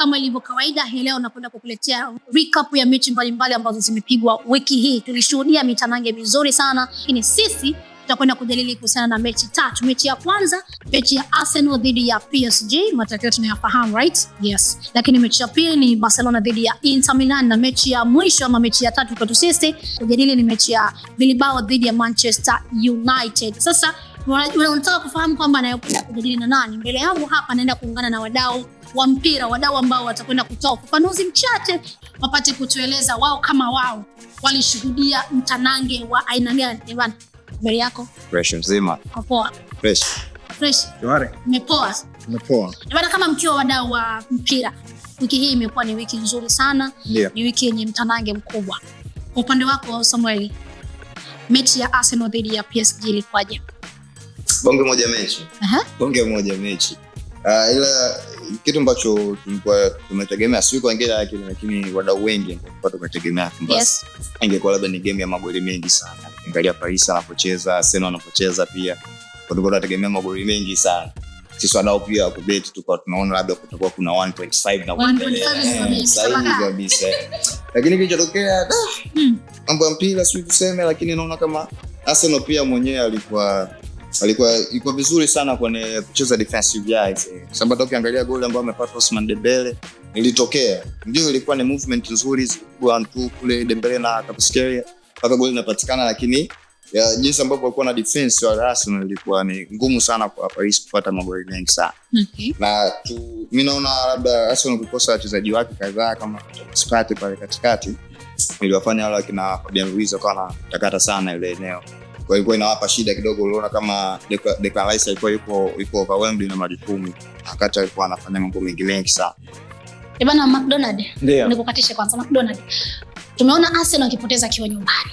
kama ilivyo kawaida, hii leo nakwenda kukuletea recap ya mechi mbalimbali ambazo zimepigwa wiki hii. Tulishuhudia mitanange mizuri sana, lakini sisi tutakwenda kujadili kuhusiana na mechi tatu. Mechi ya kwanza, mechi ya Arsenal dhidi ya PSG, matokeo tunayafahamu right? Yes. Lakini mechi ya pili ni Barcelona dhidi ya Inter Milan, na mechi ya mwisho ama mechi ya tatu kwetu sisi kujadili ni mechi ya Bilbao dhidi ya Manchester United. Sasa unataka kufahamu kwamba anayokwenda kujadili na nani? Mbele yangu hapa naenda kuungana na wadau wa mpira, wadau ambao watakwenda kutoa ufafanuzi mchache, wapate kutueleza wao kama wao walishuhudia mtanange wa aina gani. Bwana, habari yako? Fresh mzima. Poa. Fresh. Fresh. Mepoa. Mepoa. Bwana, kama mkiwa wadau wa mpira, wiki hii imekuwa ni wiki nzuri sana. Yeah. Ni wiki yenye mtanange mkubwa. Kwa upande wako Samuel, mechi ya Arsenal dhidi ya PSG ilikuwaje? Bonge moja mechi. -huh. Bonge moja mechi. Uh, ila kitu ambacho tulikuwa tumetegemea, sio kwa ngela yake, lakini wadau wengi ambao tumetegemea kwamba yes, ingekuwa labda ni game ya magoli mengi sana. Angalia Paris anapocheza, Arsenal anapocheza pia, kwa tulikuwa tunategemea magoli mengi sana. Sisi wadau pia wa kubeti tulikuwa tunaona labda kutakuwa kuna 1.5 na 1.5 eh, sahihi kabisa, lakini kilichotokea hmm. mambo ya mpira sio tuseme, lakini naona kama Arsenal pia mwenyewe alikuwa alikuwa ilikuwa vizuri sana kwenye kucheza defensive yards, sababu hata ukiangalia goli ambayo amepata Osman Dembele ilitokea, ndio ilikuwa ni movement nzuri one two kule Dembele na Kapuskeria mpaka goli linapatikana, lakini ya jinsi ambavyo walikuwa na defense wa Arsenal ilikuwa ni ngumu sana kwa Paris kupata magoli mengi sana. Okay. Na tu mimi naona labda Arsenal kukosa wachezaji wake kadhaa kama Spati pale katikati iliwafanya wale wakina Fabian Ruiz wakawa wanatakata sana ile eneo walikuwa inawapa shida kidogo. Uliona kama Declan Rice alikuwa yuko yuko overwhelmed na majukumu, akati alikuwa anafanya mambo mengi mengi sana. Eh bana, McDonald nikukatishe kwanza. McDonald, tumeona Arsenal akipoteza akiwa nyumbani,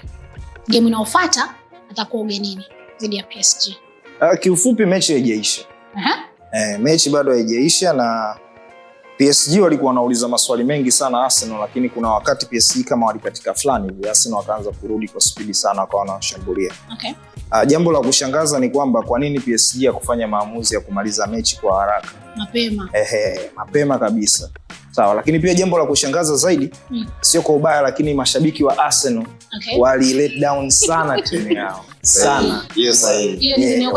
game inayofuata atakuwa ugenini dhidi ya PSG. Ah, kiufupi mechi haijaisha. -huh. Eh, mechi bado haijaisha na PSG walikuwa wanauliza maswali mengi sana Arsenal, lakini kuna wakati PSG kama walikatika fulani hivi, Arsenal wakaanza kurudi kwa spidi sana, wakawa wanashambulia. Okay. Uh, jambo la kushangaza ni kwamba kwa nini PSG kufanya maamuzi ya kumaliza mechi kwa haraka mapema, ehe, mapema kabisa sawa. Lakini pia jambo la kushangaza zaidi mm. sio kwa ubaya, lakini mashabiki wa Arsenal okay. wali let down sana timu yao sana yes,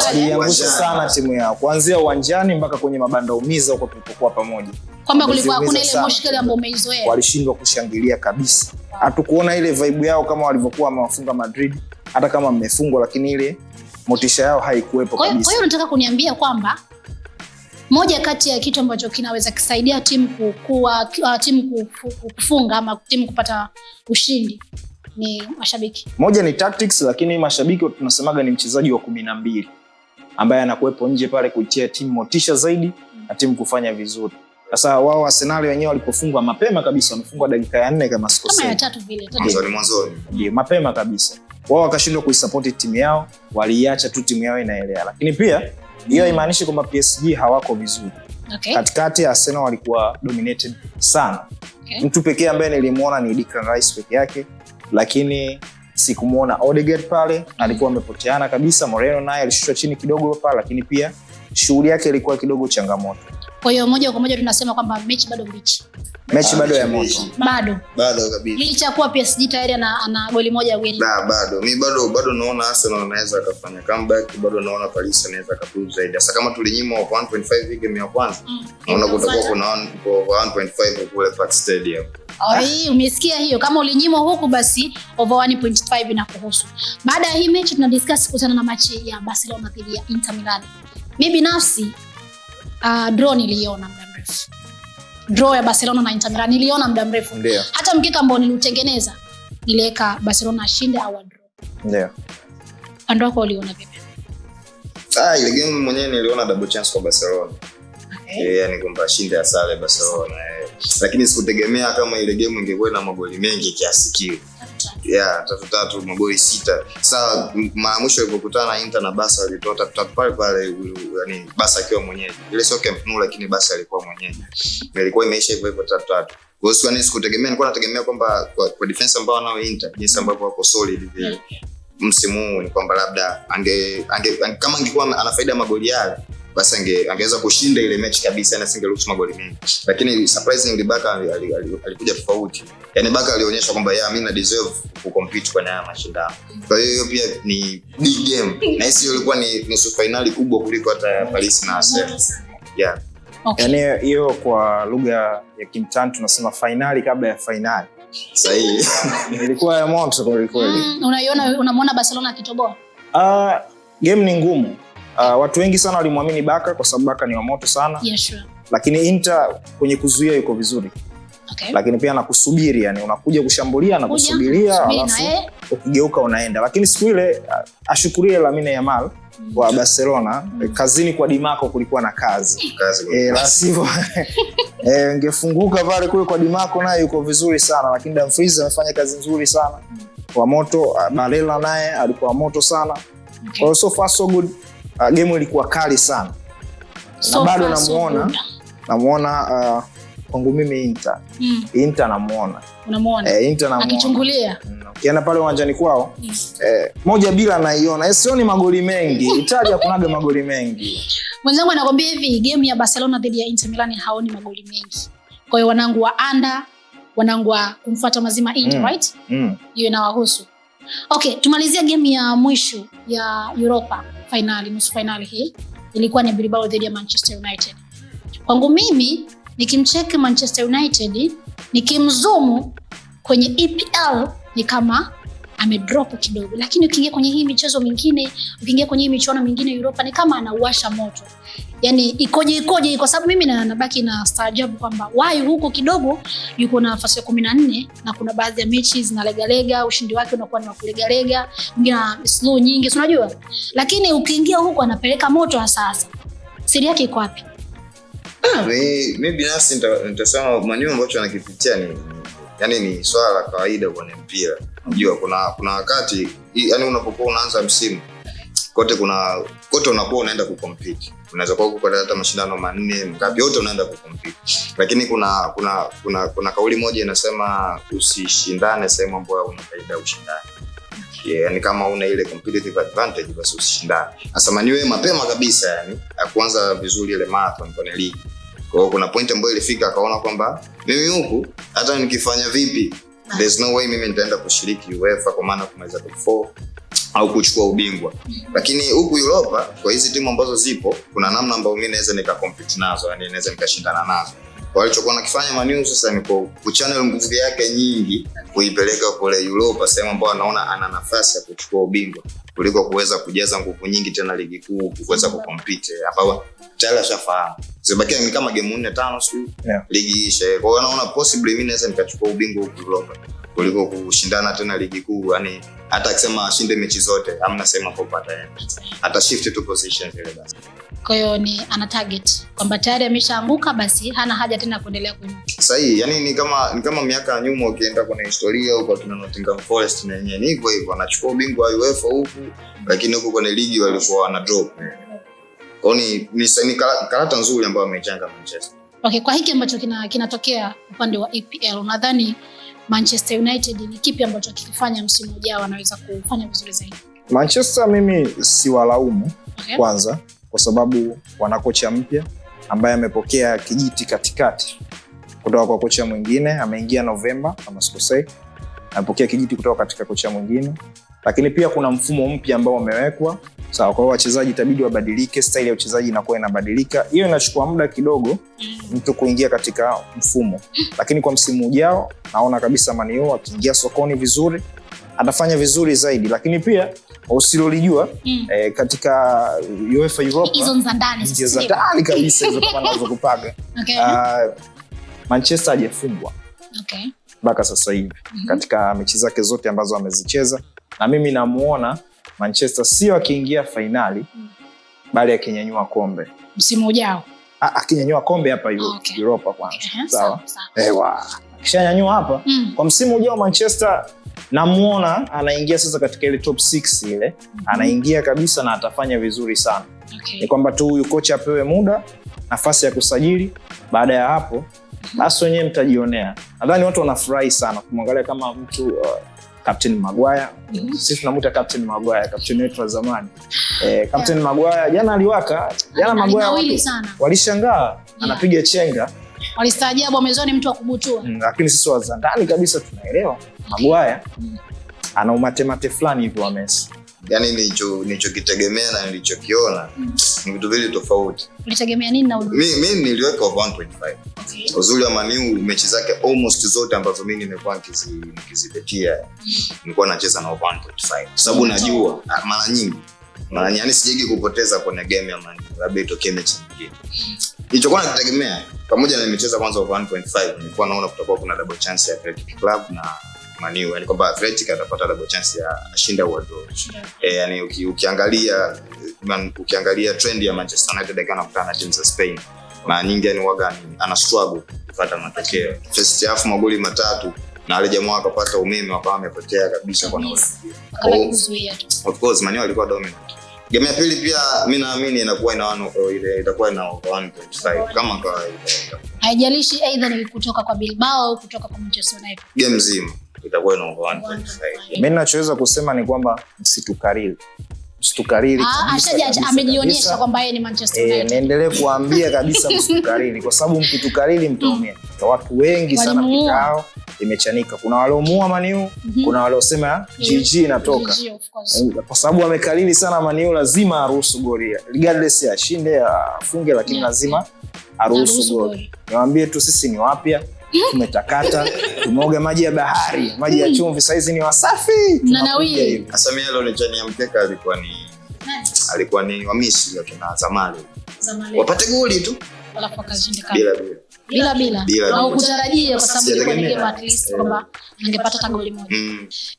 waliangusha sana timu yao kuanzia uwanjani mpaka kwenye mabanda umiza huko tulipokuwa pamoja, kwamba kulikuwa hakuna ile mushkeli ambayo umeizoea. Walishindwa kushangilia kabisa, hatukuona ile vibe yao kama walivyokuwa wamewafunga Madrid, hata kama mmefungwa, lakini ile motisha yao haikuwepo kabisa. Kwa hiyo unataka kuniambia kwamba moja kati ya kitu ambacho kinaweza kusaidia timu kukua, uh, timu kufunga ama timu kupata ushindi ni mashabiki. Moja ni tactics, lakini mashabiki tunasemaga ni mchezaji wa kumi na mbili ambaye anakuwepo nje pale kuitia timu motisha zaidi na timu kufanya vizuri. Sasa wao Arsenal wenyewe walipofungwa mapema kabisa, wamefungwa dakika ya nne kama sikosei, kama ya tatu vile, mwanzoni ndio mapema kabisa, wao wakashindwa kuisapoti timu yao, waliiacha tu timu yao inaelea, lakini pia hiyo haimaanishi kwamba PSG hawako vizuri. Okay. Katikati Arsenal walikuwa dominated sana. Okay. Mtu pekee ambaye nilimwona ni Declan Rice peke yake, lakini sikumwona Odegaard pale, mm. alikuwa amepoteana kabisa. Moreno naye alishushwa chini kidogo pale, lakini pia shughuli yake ilikuwa kidogo changamoto. Kwa hiyo moja kwa moja tunasema kwamba mechi bado mbichi. Mechi bado ya ah, moto. Bado. Bado kabisa. Licha kuwa PSG tayari ana ana goli moja wili. Na bado. Mimi bado bado naona Arsenal anaweza akafanya comeback, bado naona Paris anaweza akaprove zaidi. Sasa kama tulinyima 1.5 hii game ya kwanza, mm. naona kutakuwa kuna 1.5 kule Park Stadium. Ai, oh, umesikia hiyo? Kama ulinyimwa huku basi over 1.5 inakuhusu. Baada ya hii mechi tuna discuss kuhusiana na mechi ya Barcelona dhidi ya Inter Milan. Mimi binafsi uh, draw niliona muda mrefu, draw ya Barcelona na Inter niliona muda mrefu. Hata mkeka ambao niliutengeneza niliweka Barcelona ashinde au draw. Ndio. Upande wako uliona vipi? Ah, ile game mwenyewe niliona double chance kwa Barcelona. Okay. Yeah, ni kwamba ashinde asale Barcelona. Eh. Lakini sikutegemea kama ile game ingekuwa na magoli mengi kiasi kile yeah, tatu tatu magoli sita. Sasa mara mwisho walipokutana Inter na basa walitoa tatu tatu pale pale, yani basa akiwa mwenyeji. Ile sio Camp Nou, lakini basa alikuwa mwenyeji. Ilikuwa imeisha hivyo hivyo tatu tatu. Kwa hiyo yani sikutegemea, nilikuwa nategemea kwamba kwa, kwa defense ambao wanao Inter, jinsi ambavyo wako solid vile mm. msimu huu ni kwamba labda ange, ange, ange, kama angekuwa ana faida magoli yale basi ange, angeweza kushinda ile mechi kabisa na singeruhusu magoli mengi, lakini surprisingly Baka alikuja tofauti. Yani Baka alionyesha kwamba yeah, mimi na deserve ku compete kwa haya mashindano. Kwa hiyo hiyo pia ni big game, na hiyo ilikuwa ni nusu finali kubwa kuliko hata ya Paris na Arsenal. Yeah. Okay. Yani hiyo kwa lugha ya kimtani tunasema finali kabla ya finali. Sahihi. Ilikuwa ya moto kweli kweli. Mm, unaiona, unamwona Barcelona akitoboa? Ah, game ni ngumu Uh, watu wengi sana walimwamini Baka kwa sababu Baka ni wa moto sana. Yeah, sure. Lakini Inter kwenye kuzuia yuko vizuri. Okay. Lakini pia anakusubiri yani, unakuja kushambulia na kusubiria, alafu ukigeuka unaenda. Lakini siku ile ah, ashukurie Lamine Yamal mm. wa Barcelona mm. Kazini kwa Dimako kulikuwa na kazi, la eh. eh, sivyo eh, ungefunguka pale. Kule kwa Dimako naye yuko vizuri sana, lakini Dumfries amefanya kazi nzuri sana mm. wa moto. Ah, balela naye alikuwa moto sana. Okay. So far so good uh, game ilikuwa kali sana so na bado namuona namuona uh, kwangu mimi Inter mm. Inter namuona unamuona eh, Inter namuona akichungulia mm, ukienda pale uwanjani kwao yes. Hmm. eh, moja bila naiona eh, sioni magoli mengi Italia kunaga magoli mengi mwenzangu anakwambia hivi game ya Barcelona dhidi ya Inter Milan haoni magoli mengi kwa hiyo wanangu wa anda wanangu wa kumfuata mazima Inter mm. right mm. iwe na wahusu Okay, tumalizia game ya mwisho ya Europa finali, nusu finali hii ilikuwa ni Bilbao dhidi ya Manchester United. Kwangu mimi nikimcheki Manchester United nikimzumu kwenye EPL ni kama amedrop kidogo, lakini ukiingia kwenye hii michezo mingine, ukiingia kwenye hii michuano mingine Europa, ni kama anauasha moto. Yani ikoje ikoje? Kwa sababu mimi nabaki na staajabu kwamba why huko kidogo yuko na nafasi ya kumi na nne na kuna baadhi ya mechi zinalegalega, ushindi wake unakuwa ni wakulegalega, mwingine na slow nyingi, si unajua, lakini ukiingia huko anapeleka moto. Sasa siri yake iko wapi? Ah, mi binafsi nitasema maneno ambacho anakipitia ni yani, ni swala la kawaida kwenye mpira unajua kuna kuna wakati yani unapokuwa unaanza msimu kote kuna kote unakuwa unaenda kucompete unaweza kuwa kupata hata mashindano manne ngapi yote unaenda kucompete lakini kuna kuna kuna kuna kauli moja inasema usishindane sehemu ambayo una faida ushindane ushindani Yeah, yani kama una ile competitive advantage basi usishindane. asamani wewe mapema kabisa yani ya kuanza vizuri ile marathon kwenye ligi. Kwa hiyo kuna point ambayo ilifika akaona kwamba mimi huku hata nikifanya vipi there's no way mimi nitaenda kushiriki UEFA kwa maana kumaliza top 4 au kuchukua ubingwa. Lakini huku Europa kwa hizi timu ambazo zipo kuna namna ambayo mimi naweza compete nazo, yani naweza nikashindana nazo walichokuwa nakifanya Manu sasa ni kuchannel nguvu yake nyingi kuipeleka kule Europa, sehemu ambayo anaona ana nafasi ya kuchukua ubingwa kuliko kuweza kujaza nguvu nyingi tena ligi kuu kuweza kukompete, ambao tayari ashafahamu zibakia ni kama game nne tano, sio ligi ishe. Kwa hiyo anaona possibly mimi naweza nikachukua ubingwa huko Europa kuliko kushindana tena ligi kuu. Yani hata akisema ashinde mechi zote, amna sema kupata hata shift to position vile basi. Kwa hiyo ni ana target kwamba tayari ameshaanguka, basi hana haja tena kuendelea kunyuma. Sahihi, yani ni kama ni kama miaka ya nyuma, ukienda kwenye historia huko tuna Nottingham Forest na yenyewe ni hivyo hivyo, anachukua ubingwa wa UEFA huku, lakini huko kwenye ligi walikuwa wana drop. Kwa hiyo ni, ni, ni karata nzuri ambayo amechanga Manchester Okay, kwa hiki ambacho kinatokea kina upande wa EPL unadhani Manchester United ni kipi ambacho kikifanya msimu ujao anaweza kufanya vizuri zaidi? Manchester mimi siwalaumu, okay. Kwanza kwa sababu wana kocha mpya ambaye amepokea kijiti katikati kutoka kwa kocha mwingine, ameingia Novemba kama sikosei, amepokea kijiti kutoka katika kocha mwingine lakini pia kuna mfumo mpya ambao umewekwa sawa. Kwa wachezaji itabidi wabadilike, staili ya uchezaji inakuwa inabadilika. Hiyo inachukua muda kidogo mtu kuingia katika mfumo, lakini kwa msimu ujao naona kabisa manio akiingia sokoni vizuri atafanya vizuri zaidi, lakini pia usilolijua mm. Eh, katika UEFA Europa za ndani kabisa hizo okay. Uh, Manchester hajafungwa mpaka okay. Sasa hivi mm -hmm. Katika mechi zake zote ambazo amezicheza na mimi namuona Manchester sio akiingia fainali mm. bali akinyanyua kombe msimu ujao, akinyanyua kombe hapa ah, okay. Europa kwanza okay. sawa ewa eh, akishanyanyua hapa mm. kwa msimu ujao Manchester namuona anaingia sasa katika ile top s ile mm -hmm. anaingia kabisa na atafanya vizuri sana okay. ni kwamba tu huyu kocha apewe muda, nafasi ya kusajili. Baada ya hapo mm-hmm. basi wenyewe mtajionea. Nadhani watu wanafurahi sana kumwangalia kama mtu uh, Captain Maguire. Mm Sisi tunamuita Captain Maguire, captain wetu wa zamani. Eh, Captain yeah. Maguire jana aliwaka, jana Maguire walishangaa yeah. Anapiga chenga. Walistaajabu amezoni mtu wa kubutua. Mm, lakini sisi wazandani kabisa tunaelewa Maguire mm. Ana umatemate fulani hivi wa Messi yani nilichokitegemea na nilichokiona mm. ni vitu vili tofauti. Ulitegemea nini na mimi? Mimi niliweka over 1.5. Okay. Uzuri wa Maniu mechi zake almost zote ambazo mimi nimekuwa nikizibetia mm. nilikuwa nacheza na over 1.5 kwa sababu mm. najua ah, mara nyingi mara nyingi yani sijegi kupoteza kwenye game ya Maniu, labda itokee mechi nyingine. Nilichokuwa nakitegemea pamoja na nimecheza kwanza over 1.5, nilikuwa naona kutakuwa kuna double chance ya Athletic Club na Maniu, yani kwamba Athletic atapata double chance ya ashinda au draw. Eh, yani uki, ukiangalia man, ukiangalia trend ya Manchester United akana kukutana na timu za Spain mara nyingi yani waga ana struggle kupata matokeo. First half magoli matatu na wale jamaa wakapata umeme wakawa wamepotea kabisa kwa naona. Oh, of course Maniu alikuwa dominant. Game ya pili pia mimi naamini inakuwa ina oh, ile itakuwa ina 1.5 kama kawaida. Haijalishi aidha ni kutoka kwa Bilbao au kutoka kwa Manchester United. Game nzima itakuwa inaongo one kwenye side. Mimi ninachoweza kusema ni kwamba msitukariri msitukariri ah, kabisa, amejionyesha kwamba yeye ni Manchester eh, United. Niendelee kuambia kabisa msitukariri, kwa sababu mkitukariri mtaumia. Mm. Watu wengi sana mkitao imechanika, kuna waliomuua Maniu, mhm. kuna waliosema GG inatoka, mm, kwa sababu amekariri sana Maniu, lazima aruhusu goli regardless ashinde afunge, lakini lazima aruhusu goli. Niwaambie tu sisi ni wapya tumetakata tumeoga maji ya bahari, maji ya chumvi, sahizi ni wasafi. Samia mkeka alikuwa ni alikuwa ni wamisi wakina zamali wapate goli tu bila bila bila bila au kutarajia, kwa sababu at least kwamba angepata hata goli moja.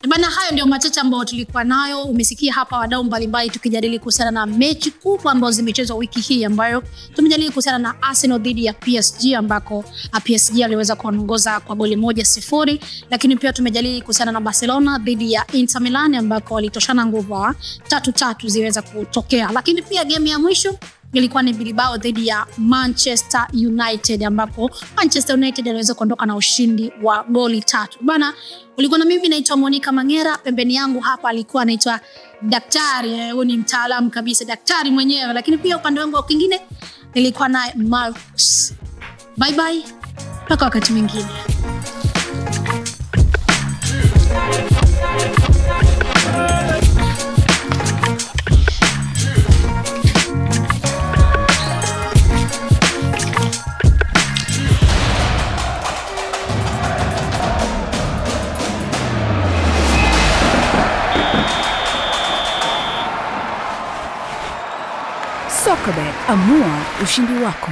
Bana, mm. hayo ndio machache ambayo tulikuwa nayo. Umesikia hapa wadau mbalimbali tukijadili kuhusiana na mechi kubwa ambazo zimechezwa wiki hii, ambayo tumejadili kuhusiana na Arsenal dhidi ya PSG, ambako ah, PSG aliweza kuongoza kwa goli moja sifuri, lakini pia tumejadili kuhusiana na Barcelona dhidi ya Inter Milan ambako walitoshana nguvu ah, tatu tatu ziweza kutokea, lakini pia game ya mwisho ilikuwa ni bilibao dhidi ya Manchester United, ambapo Manchester United aliweza kuondoka na ushindi wa goli tatu. Bana, ulikuwa na mimi naitwa Monica Mangera, pembeni yangu hapa alikuwa anaitwa daktari, eh, huyu ni mtaalamu kabisa, daktari mwenyewe, lakini pia upande wangu wa kingine nilikuwa naye marks Bye bye, mpaka wakati mwingine. amua ushindi wako.